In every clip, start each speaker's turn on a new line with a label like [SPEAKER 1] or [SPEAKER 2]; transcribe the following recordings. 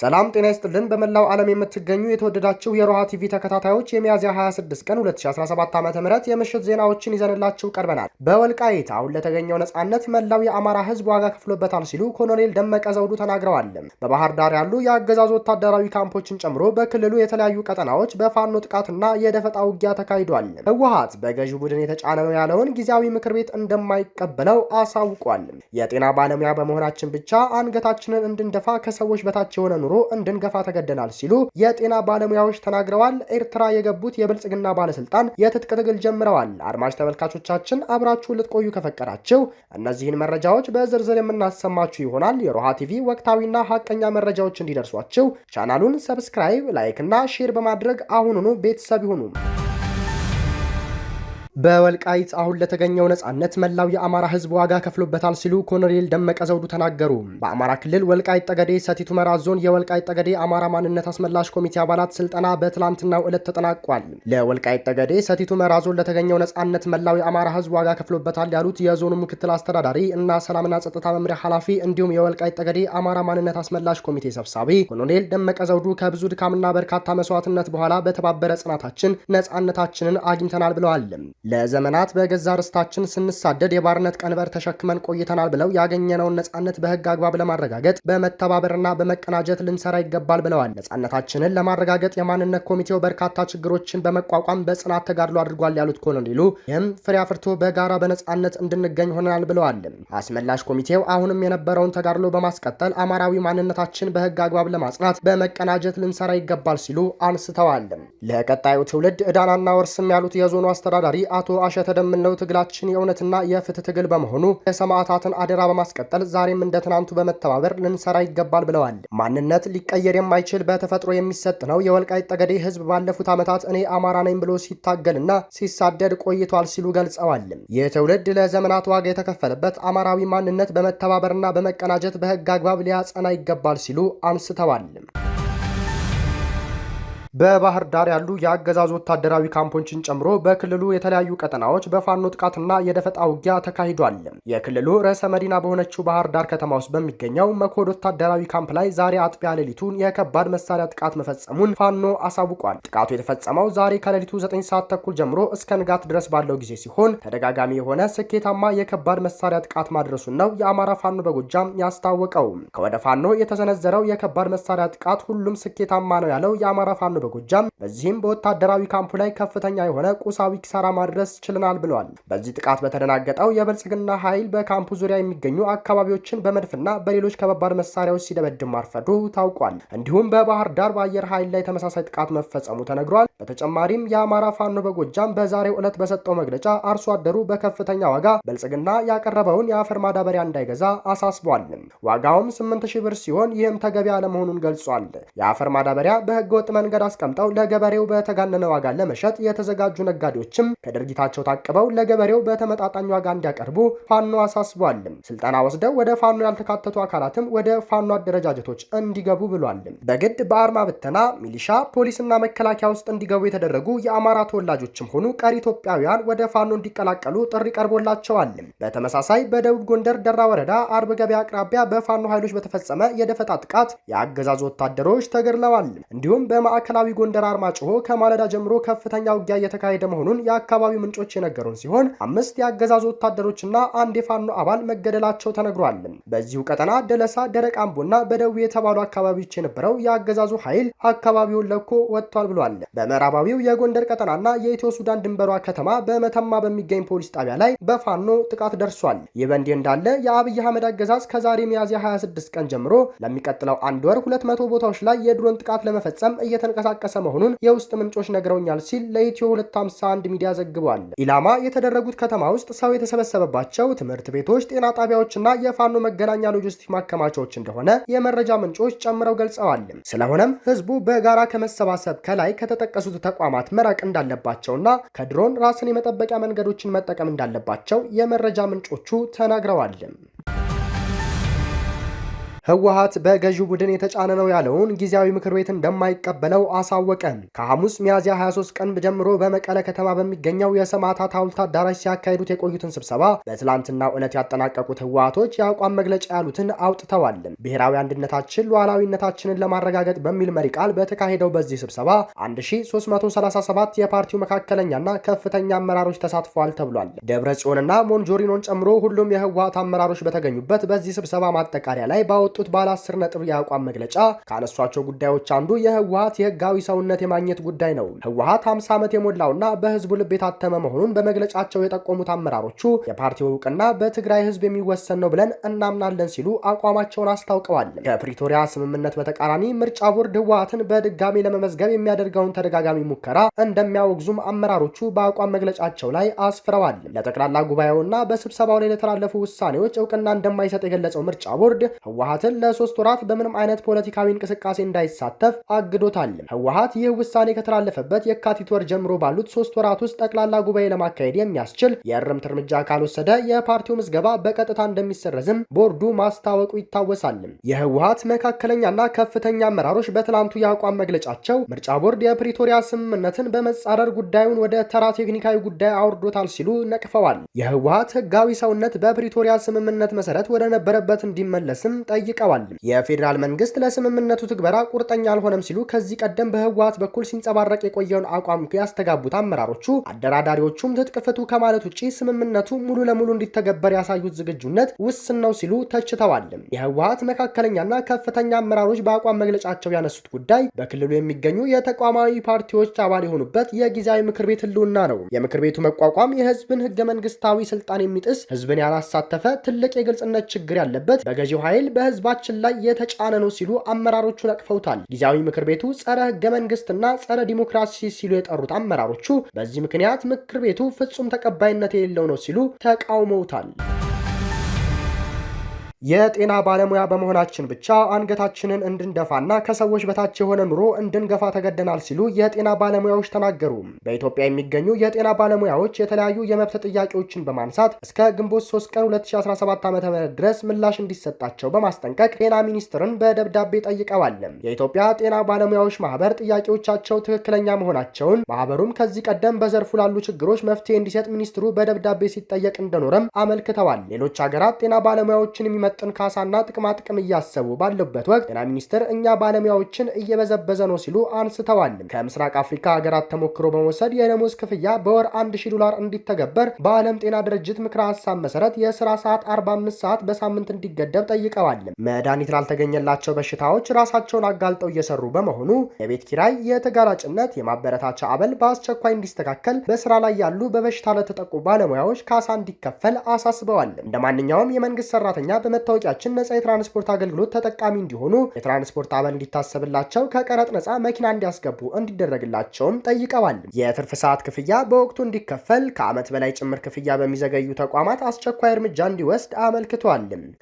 [SPEAKER 1] ሰላም ጤና ይስጥልን። በመላው ዓለም የምትገኙ የተወደዳችሁ የሮሃ ቲቪ ተከታታዮች የሚያዝያ 26 ቀን 2017 ዓ ም የምሽት ዜናዎችን ይዘንላችሁ ቀርበናል። በወልቃይት አሁን ለተገኘው ነጻነት መላው የአማራ ህዝብ ዋጋ ከፍሎበታል ሲሉ ኮሎኔል ደመቀ ዘውዱ ተናግረዋል። በባህር ዳር ያሉ የአገዛዙ ወታደራዊ ካምፖችን ጨምሮ በክልሉ የተለያዩ ቀጠናዎች በፋኖ ጥቃትና የደፈጣ ውጊያ ተካሂዷል። ህወሀት በገዢ ቡድን የተጫነ ነው ያለውን ጊዜያዊ ምክር ቤት እንደማይቀበለው አሳውቋል። የጤና ባለሙያ በመሆናችን ብቻ አንገታችንን እንድንደፋ ከሰዎች በታች የሆነ ኑሮ እንድንገፋ ተገደናል ሲሉ የጤና ባለሙያዎች ተናግረዋል። ኤርትራ የገቡት የብልጽግና ባለስልጣን የትጥቅ ትግል ጀምረዋል። አድማጭ ተመልካቾቻችን አብራችሁ ልትቆዩ ከፈቀዳችሁ እነዚህን መረጃዎች በዝርዝር የምናሰማችሁ ይሆናል። የሮሃ ቲቪ ወቅታዊና ሀቀኛ መረጃዎች እንዲደርሷችሁ ቻናሉን ሰብስክራይብ፣ ላይክ እና ሼር በማድረግ አሁኑኑ ቤተሰብ ይሁኑም። በወልቃይት አሁን ለተገኘው ነጻነት መላው የአማራ ህዝብ ዋጋ ከፍሎበታል ሲሉ ኮሎኔል ደመቀ ዘውዱ ተናገሩ። በአማራ ክልል ወልቃይት ጠገዴ ሰቲት ሁመራ ዞን የወልቃይት ጠገዴ አማራ ማንነት አስመላሽ ኮሚቴ አባላት ስልጠና በትላንትናው ዕለት ተጠናቋል። ለወልቃይት ጠገዴ ሰቲት ሁመራ ዞን ለተገኘው ነጻነት መላው የአማራ ህዝብ ዋጋ ከፍሎበታል ያሉት የዞኑ ምክትል አስተዳዳሪ እና ሰላምና ጸጥታ መምሪያ ኃላፊ እንዲሁም የወልቃይት ጠገዴ አማራ ማንነት አስመላሽ ኮሚቴ ሰብሳቢ ኮሎኔል ደመቀ ዘውዱ ከብዙ ድካምና በርካታ መስዋዕትነት በኋላ በተባበረ ጽናታችን ነጻነታችንን አግኝተናል ብለዋል። ለዘመናት በገዛ ርስታችን ስንሳደድ የባርነት ቀንበር ተሸክመን ቆይተናል ብለው ያገኘነውን ነጻነት በህግ አግባብ ለማረጋገጥ በመተባበርና በመቀናጀት ልንሰራ ይገባል ብለዋል። ነጻነታችንን ለማረጋገጥ የማንነት ኮሚቴው በርካታ ችግሮችን በመቋቋም በጽናት ተጋድሎ አድርጓል ያሉት ኮሎኔሉ ይህም ፍሬ አፍርቶ በጋራ በነጻነት እንድንገኝ ሆነናል ብለዋል። አስመላሽ ኮሚቴው አሁንም የነበረውን ተጋድሎ በማስቀጠል አማራዊ ማንነታችን በህግ አግባብ ለማጽናት በመቀናጀት ልንሰራ ይገባል ሲሉ አንስተዋል። ለቀጣዩ ትውልድ እዳናና ወርስም ያሉት የዞኑ አስተዳዳሪ አቶ አሸተ ደምለው ትግላችን የእውነትና የፍትህ ትግል በመሆኑ የሰማዕታትን አደራ በማስቀጠል ዛሬም እንደ ትናንቱ በመተባበር ልንሰራ ይገባል ብለዋል። ማንነት ሊቀየር የማይችል በተፈጥሮ የሚሰጥ ነው። የወልቃይት ጠገዴ ህዝብ ባለፉት ዓመታት እኔ አማራ ነኝ ብሎ ሲታገልና ሲሳደድ ቆይቷል ሲሉ ገልጸዋል። ይህ ትውልድ ለዘመናት ዋጋ የተከፈለበት አማራዊ ማንነት በመተባበርና በመቀናጀት በህግ አግባብ ሊያጸና ይገባል ሲሉ አንስተዋል። በባህር ዳር ያሉ የአገዛዙ ወታደራዊ ካምፖችን ጨምሮ በክልሉ የተለያዩ ቀጠናዎች በፋኖ ጥቃትና የደፈጣ ውጊያ ተካሂዷል። የክልሉ ርዕሰ መዲና በሆነችው ባህር ዳር ከተማ ውስጥ በሚገኘው መኮድ ወታደራዊ ካምፕ ላይ ዛሬ አጥቢያ ሌሊቱን የከባድ መሳሪያ ጥቃት መፈጸሙን ፋኖ አሳውቋል። ጥቃቱ የተፈጸመው ዛሬ ከሌሊቱ 9 ሰዓት ተኩል ጀምሮ እስከ ንጋት ድረስ ባለው ጊዜ ሲሆን ተደጋጋሚ የሆነ ስኬታማ የከባድ መሳሪያ ጥቃት ማድረሱን ነው የአማራ ፋኖ በጎጃም ያስታወቀው። ከወደ ፋኖ የተሰነዘረው የከባድ መሳሪያ ጥቃት ሁሉም ስኬታማ ነው ያለው የአማራ ፋኖ በጎጃም በዚህም በወታደራዊ ካምፑ ላይ ከፍተኛ የሆነ ቁሳዊ ኪሳራ ማድረስ ችለናል ብለዋል። በዚህ ጥቃት በተደናገጠው የብልጽግና ኃይል በካምፑ ዙሪያ የሚገኙ አካባቢዎችን በመድፍና በሌሎች ከባድ መሳሪያዎች ሲደበድም ማርፈዱ ታውቋል። እንዲሁም በባህር ዳር በአየር ኃይል ላይ ተመሳሳይ ጥቃት መፈጸሙ ተነግሯል። በተጨማሪም የአማራ ፋኖ በጎጃም በዛሬው ዕለት በሰጠው መግለጫ አርሶ አደሩ በከፍተኛ ዋጋ ብልጽግና ያቀረበውን የአፈር ማዳበሪያ እንዳይገዛ አሳስቧል። ዋጋውም 8000 ሺህ ብር ሲሆን ይህም ተገቢ አለመሆኑን ገልጿል። የአፈር ማዳበሪያ በህገወጥ መንገድ አስቀምጠው ለገበሬው በተጋነነ ዋጋ ለመሸጥ የተዘጋጁ ነጋዴዎችም ከድርጊታቸው ታቅበው ለገበሬው በተመጣጣኝ ዋጋ እንዲያቀርቡ ፋኖ አሳስቧል። ስልጠና ወስደው ወደ ፋኖ ያልተካተቱ አካላትም ወደ ፋኖ አደረጃጀቶች እንዲገቡ ብሏል። በግድ በአርማ ብተና፣ ሚሊሻ፣ ፖሊስና መከላከያ ውስጥ እንዲገቡ የተደረጉ የአማራ ተወላጆችም ሆኑ ቀሪ ኢትዮጵያውያን ወደ ፋኖ እንዲቀላቀሉ ጥሪ ቀርቦላቸዋል። በተመሳሳይ በደቡብ ጎንደር ደራ ወረዳ አርብ ገበያ አቅራቢያ በፋኖ ኃይሎች በተፈጸመ የደፈጣ ጥቃት የአገዛዙ ወታደሮች ተገድለዋል። እንዲሁም በማዕከላዊ በምዕራባዊ ጎንደር አርማጭሆ ከማለዳ ጀምሮ ከፍተኛ ውጊያ እየተካሄደ መሆኑን የአካባቢው ምንጮች የነገሩን ሲሆን አምስት የአገዛዙ ወታደሮችና አንድ የፋኖ አባል መገደላቸው ተነግሯል። በዚሁ ቀጠና ደለሳ፣ ደረቅ አምቦና በደቡብ የተባሉ አካባቢዎች የነበረው የአገዛዙ ኃይል አካባቢውን ለኮ ወጥቷል ብሏል። በምዕራባዊው የጎንደር ቀጠናና የኢትዮ ሱዳን ድንበሯ ከተማ በመተማ በሚገኝ ፖሊስ ጣቢያ ላይ በፋኖ ጥቃት ደርሷል። ይህ በእንዲህ እንዳለ የአብይ አህመድ አገዛዝ ከዛሬ ሚያዝያ 26 ቀን ጀምሮ ለሚቀጥለው አንድ ወር 200 ቦታዎች ላይ የድሮን ጥቃት ለመፈጸም እየተንቀሳ እየተንቀሳቀሰ መሆኑን የውስጥ ምንጮች ነግረውኛል ሲል ለኢትዮ 251 ሚዲያ ዘግቧል። ኢላማ የተደረጉት ከተማ ውስጥ ሰው የተሰበሰበባቸው ትምህርት ቤቶች፣ ጤና ጣቢያዎችና የፋኖ መገናኛ ሎጂስቲክ ማከማቻዎች እንደሆነ የመረጃ ምንጮች ጨምረው ገልጸዋል። ስለሆነም ህዝቡ በጋራ ከመሰባሰብ ከላይ ከተጠቀሱት ተቋማት መራቅ እንዳለባቸውና ከድሮን ራስን የመጠበቂያ መንገዶችን መጠቀም እንዳለባቸው የመረጃ ምንጮቹ ተናግረዋል። ህወሀት በገዢው ቡድን የተጫነ ነው ያለውን ጊዜያዊ ምክር ቤት እንደማይቀበለው አሳወቀ። ከሐሙስ ሚያዝያ 23 ቀን ጀምሮ በመቀለ ከተማ በሚገኘው የሰማዕታት ሐውልት አዳራሽ ሲያካሂዱት የቆዩትን ስብሰባ በትላንትናው ዕለት ያጠናቀቁት ህወሀቶች የአቋም መግለጫ ያሉትን አውጥተዋል። ብሔራዊ አንድነታችን ሉዓላዊነታችንን ለማረጋገጥ በሚል መሪ ቃል በተካሄደው በዚህ ስብሰባ 1337 የፓርቲው መካከለኛና ከፍተኛ አመራሮች ተሳትፈዋል ተብሏል። ደብረ ጽዮንና ሞንጆሪኖን ጨምሮ ሁሉም የህወሀት አመራሮች በተገኙበት በዚህ ስብሰባ ማጠቃለያ ላይ ባወጡ ባወጡት ባለ አስር ነጥብ የአቋም መግለጫ ካነሷቸው ጉዳዮች አንዱ የህወሀት የህጋዊ ሰውነት የማግኘት ጉዳይ ነው። ህወሀት 50 ዓመት የሞላውና በህዝቡ ልብ የታተመ መሆኑን በመግለጫቸው የጠቆሙት አመራሮቹ የፓርቲው እውቅና በትግራይ ህዝብ የሚወሰን ነው ብለን እናምናለን ሲሉ አቋማቸውን አስታውቀዋል። ከፕሪቶሪያ ስምምነት በተቃራኒ ምርጫ ቦርድ ህወሀትን በድጋሚ ለመመዝገብ የሚያደርገውን ተደጋጋሚ ሙከራ እንደሚያወግዙም አመራሮቹ በአቋም መግለጫቸው ላይ አስፍረዋል። ለጠቅላላ ጉባኤውና በስብሰባው ላይ ለተላለፉ ውሳኔዎች እውቅና እንደማይሰጥ የገለጸው ምርጫ ቦርድ ህወሀትን ህወሀትን ለሶስት ወራት በምንም አይነት ፖለቲካዊ እንቅስቃሴ እንዳይሳተፍ አግዶታል። ህወሀት ይህ ውሳኔ ከተላለፈበት የካቲት ወር ጀምሮ ባሉት ሶስት ወራት ውስጥ ጠቅላላ ጉባኤ ለማካሄድ የሚያስችል የእርምት እርምጃ ካልወሰደ የፓርቲው ምዝገባ በቀጥታ እንደሚሰረዝም ቦርዱ ማስታወቁ ይታወሳል። የህወሀት መካከለኛና ከፍተኛ አመራሮች በትላንቱ የአቋም መግለጫቸው ምርጫ ቦርድ የፕሪቶሪያ ስምምነትን በመጻረር ጉዳዩን ወደ ተራ ቴክኒካዊ ጉዳይ አውርዶታል ሲሉ ነቅፈዋል። የህወሀት ህጋዊ ሰውነት በፕሪቶሪያ ስምምነት መሰረት ወደ ነበረበት እንዲመለስም ጠይቀ ጠይቀዋል። የፌዴራል መንግስት ለስምምነቱ ትግበራ ቁርጠኛ አልሆነም ሲሉ ከዚህ ቀደም በህወሀት በኩል ሲንጸባረቅ የቆየውን አቋም ያስተጋቡት አመራሮቹ አደራዳሪዎቹም ትጥቅ ፍቱ ከማለት ውጭ ስምምነቱ ሙሉ ለሙሉ እንዲተገበር ያሳዩት ዝግጁነት ውስን ነው ሲሉ ተችተዋል። የህወሀት መካከለኛና ከፍተኛ አመራሮች በአቋም መግለጫቸው ያነሱት ጉዳይ በክልሉ የሚገኙ የተቋማዊ ፓርቲዎች አባል የሆኑበት የጊዜያዊ ምክር ቤት ህልውና ነው። የምክር ቤቱ መቋቋም የህዝብን ህገ መንግስታዊ ስልጣን የሚጥስ ህዝብን ያላሳተፈ ትልቅ የግልጽነት ችግር ያለበት በገዢው ኃይል በህዝብ ህዝባችን ላይ የተጫነ ነው ሲሉ አመራሮቹን አቅፈውታል። ጊዜያዊ ምክር ቤቱ ጸረ ህገ መንግስትና ጸረ ዲሞክራሲ ሲሉ የጠሩት አመራሮቹ በዚህ ምክንያት ምክር ቤቱ ፍጹም ተቀባይነት የሌለው ነው ሲሉ ተቃውመውታል። የጤና ባለሙያ በመሆናችን ብቻ አንገታችንን እንድንደፋና ከሰዎች በታች የሆነ ኑሮ እንድንገፋ ተገደናል ሲሉ የጤና ባለሙያዎች ተናገሩ። በኢትዮጵያ የሚገኙ የጤና ባለሙያዎች የተለያዩ የመብት ጥያቄዎችን በማንሳት እስከ ግንቦት 3 ቀን 2017 ዓ.ም ድረስ ምላሽ እንዲሰጣቸው በማስጠንቀቅ ጤና ሚኒስትርን በደብዳቤ ጠይቀዋል። የኢትዮጵያ ጤና ባለሙያዎች ማህበር ጥያቄዎቻቸው ትክክለኛ መሆናቸውን ማህበሩም ከዚህ ቀደም በዘርፉ ላሉ ችግሮች መፍትሄ እንዲሰጥ ሚኒስትሩ በደብዳቤ ሲጠየቅ እንደኖረም አመልክተዋል። ሌሎች ሀገራት ጤና ባለሙያዎችን የሚመ የሚመጥን ካሳና ጥቅም እያሰቡ ባለበት ወቅት ጤና ሚኒስቴር እኛ ባለሙያዎችን እየበዘበዘ ነው ሲሉ አንስተዋል። ከምስራቅ አፍሪካ ሀገራት ተሞክሮ በመውሰድ የደሞዝ ክፍያ በወር 1 ዶላር እንዲተገበር በዓለም ጤና ድርጅት ምክረ ሀሳብ መሰረት የስራ ሰዓት 45 ሰዓት በሳምንት እንዲገደብ ጠይቀዋል። መድኃኒት ላልተገኘላቸው በሽታዎች ራሳቸውን አጋልጠው እየሰሩ በመሆኑ የቤት ኪራይ፣ የተጋላጭነት፣ የማበረታቻ አበል በአስቸኳይ እንዲስተካከል በስራ ላይ ያሉ በበሽታ ለተጠቁ ባለሙያዎች ካሳ እንዲከፈል አሳስበዋል። እንደ ማንኛውም የመንግስት ሰራተኛ በመ መታወቂያችን ነጻ የትራንስፖርት አገልግሎት ተጠቃሚ እንዲሆኑ የትራንስፖርት አበል እንዲታሰብላቸው ከቀረጥ ነጻ መኪና እንዲያስገቡ እንዲደረግላቸውም ጠይቀዋል። የትርፍ ሰዓት ክፍያ በወቅቱ እንዲከፈል ከዓመት በላይ ጭምር ክፍያ በሚዘገዩ ተቋማት አስቸኳይ እርምጃ እንዲወስድ አመልክቷል።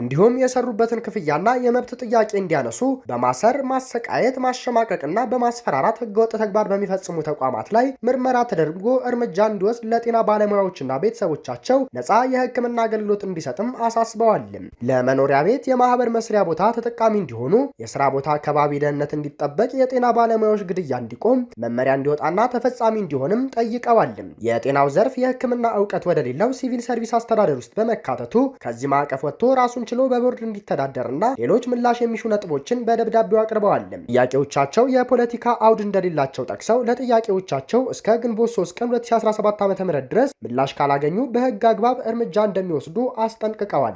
[SPEAKER 1] እንዲሁም የሰሩበትን ክፍያና የመብት ጥያቄ እንዲያነሱ በማሰር ማሰቃየት፣ ማሸማቀቅና በማስፈራራት ህገወጥ ተግባር በሚፈጽሙ ተቋማት ላይ ምርመራ ተደርጎ እርምጃ እንዲወስድ ለጤና ባለሙያዎችና ቤተሰቦቻቸው ነጻ የህክምና አገልግሎት እንዲሰጥም አሳስበዋል። የመኖሪያ ቤት፣ የማህበር መስሪያ ቦታ ተጠቃሚ እንዲሆኑ፣ የስራ ቦታ አካባቢ ደህንነት እንዲጠበቅ፣ የጤና ባለሙያዎች ግድያ እንዲቆም መመሪያ እንዲወጣና ተፈጻሚ እንዲሆንም ጠይቀዋል። የጤናው ዘርፍ የህክምና እውቀት ወደሌለው ሲቪል ሰርቪስ አስተዳደር ውስጥ በመካተቱ ከዚህ ማዕቀፍ ወጥቶ ራሱን ችሎ በቦርድ እንዲተዳደርና ሌሎች ምላሽ የሚሹ ነጥቦችን በደብዳቤው አቅርበዋል። ጥያቄዎቻቸው የፖለቲካ አውድ እንደሌላቸው ጠቅሰው ለጥያቄዎቻቸው እስከ ግንቦት 3 ቀን 2017 ዓ.ም ድረስ ምላሽ ካላገኙ በህግ አግባብ እርምጃ እንደሚወስዱ አስጠንቅቀዋል።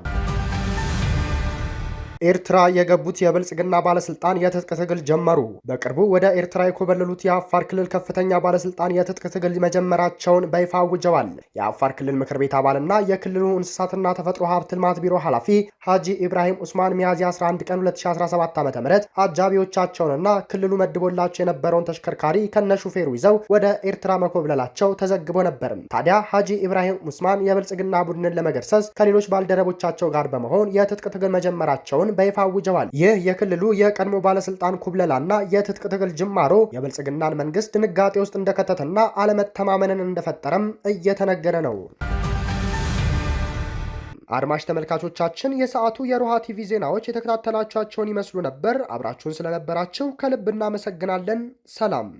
[SPEAKER 1] ኤርትራ የገቡት የብልጽግና ባለስልጣን የትጥቅ ትግል ጀመሩ። በቅርቡ ወደ ኤርትራ የኮበለሉት የአፋር ክልል ከፍተኛ ባለስልጣን የትጥቅ ትግል መጀመራቸውን በይፋ አውጀዋል። የአፋር ክልል ምክር ቤት አባልና የክልሉ እንስሳትና ተፈጥሮ ሀብት ልማት ቢሮ ኃላፊ ሀጂ ኢብራሂም ኡስማን ሚያዝያ 11 ቀን 2017 ዓ.ም አጃቢዎቻቸውንና ክልሉ መድቦላቸው የነበረውን ተሽከርካሪ ከነ ሹፌሩ ይዘው ወደ ኤርትራ መኮብለላቸው ተዘግቦ ነበርም። ታዲያ ሀጂ ኢብራሂም ኡስማን የብልጽግና ቡድንን ለመገርሰስ ከሌሎች ባልደረቦቻቸው ጋር በመሆን የትጥቅ ትግል መጀመራቸውን መሆናቸውን በይፋ አውጀዋል። ይህ የክልሉ የቀድሞ ባለስልጣን ኩብለላና የትጥቅ ትግል ጅማሮ የብልጽግናን መንግስት ድንጋጤ ውስጥ እንደከተተና አለመተማመንን እንደፈጠረም እየተነገረ ነው። አድማሽ ተመልካቾቻችን የሰዓቱ የሮሃ ቲቪ ዜናዎች የተከታተላችኋቸውን ይመስሉ ነበር። አብራችሁን ስለነበራችሁ ከልብ እናመሰግናለን። ሰላም